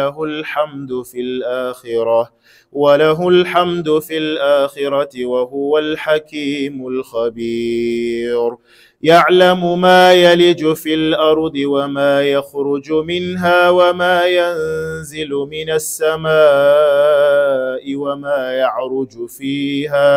له الحمد في الآخرة وله الحمد في الآخرة وهو الحكيم الخبير يعلم ما يلج في الأرض وما يخرج منها وما ينزل من السماء وما يعرج فيها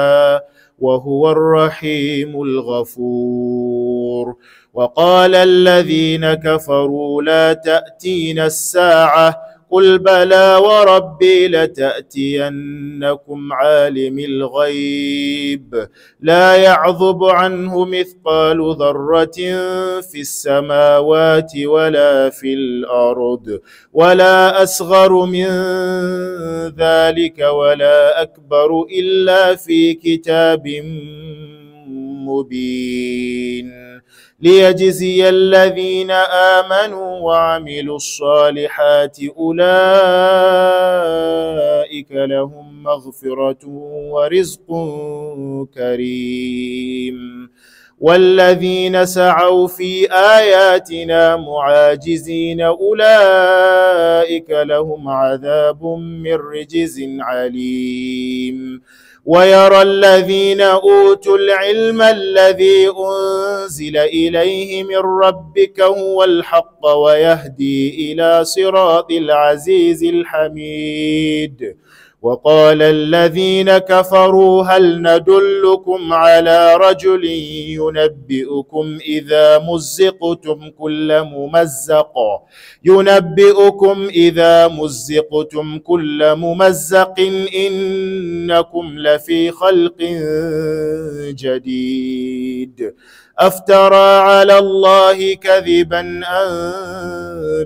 وهو الرحيم الغفور وقال الذين كفروا لا تأتينا الساعة قل بلى وربي لتأتينكم عالم الغيب لا يعظب عنه مثقال ذرة في السماوات ولا في الأرض ولا أصغر من ذلك ولا أكبر إلا في كتاب مبين ليجزي الذين آمنوا وعملوا الصالحات أولئك لهم مغفرة ورزق كريم والذين سعوا في آياتنا معاجزين أولئك لهم عذاب من رجز عليم ويرى الذين أوتوا العلم الذي أنزل إليه من ربك هو الحق ويهدي إلى صراط العزيز الحميد وقال الذين كفروا هل ندلكم على رجل ينبئكم اذا مزقتم كل ممزق ينبئكم اذا مزقتم كل ممزق انكم لفي خلق جديد افترى على الله كذبا ان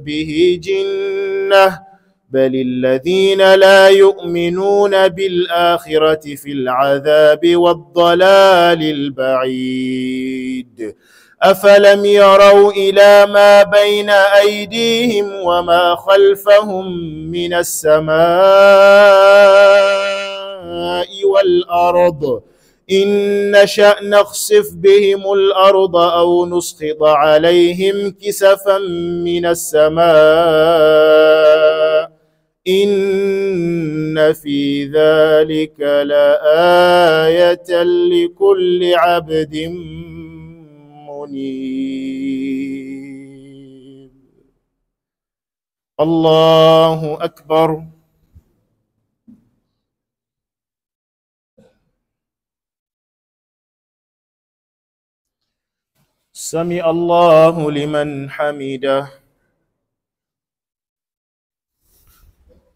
به جنه بل الذين لا يؤمنون بالآخرة في العذاب والضلال البعيد أفلم يروا إلى ما بين أيديهم وما خلفهم من السماء والأرض إن نشأ نخسف بهم الأرض أو نسقط عليهم كسفا من السماء إن في ذلك لآية لكل عبد منيب الله أكبر سمع الله لمن حمده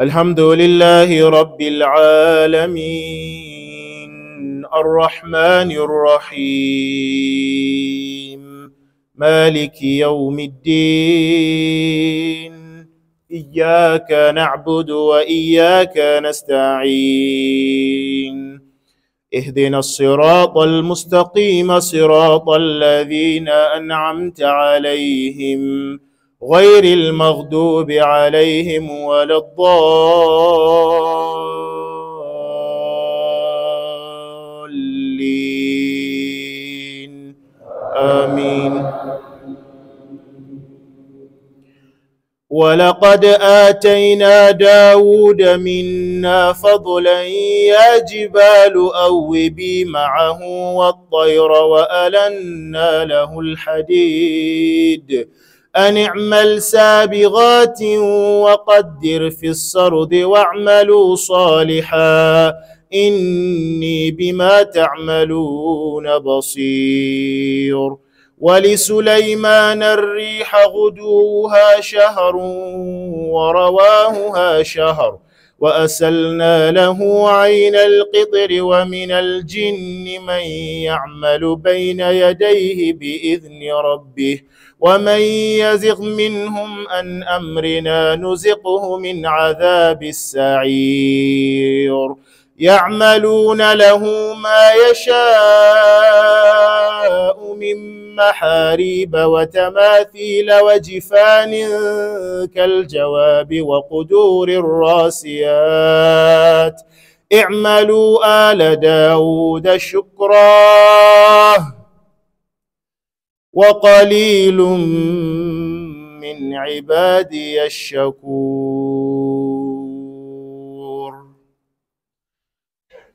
الحمد لله رب العالمين الرحمن الرحيم مالك يوم الدين إياك نعبد وإياك نستعين اهدنا الصراط المستقيم صراط الذين أنعمت عليهم غير المغضوب عليهم ولا الضالين آمين ولقد آتينا داود منا فضلا يا جبال أوبي معه والطير وألنا له الحديد أن اعمل سابغات وقدر في السرد واعملوا صالحا إني بما تعملون بصير ولسليمان الريح غدوها شهر ورواهها شهر وأسلنا له عين القطر ومن الجن من يعمل بين يديه بإذن ربه ومن يزغ منهم أن أمرنا نزقه من عذاب السعير يعملون له ما يشاء من محاريب وتماثيل وجفان كالجواب وقدور الراسيات اعملوا آل داود شكرا وقليل من عبادي الشكور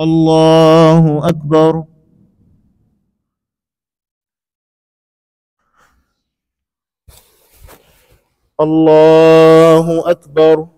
الله أكبر الله أكبر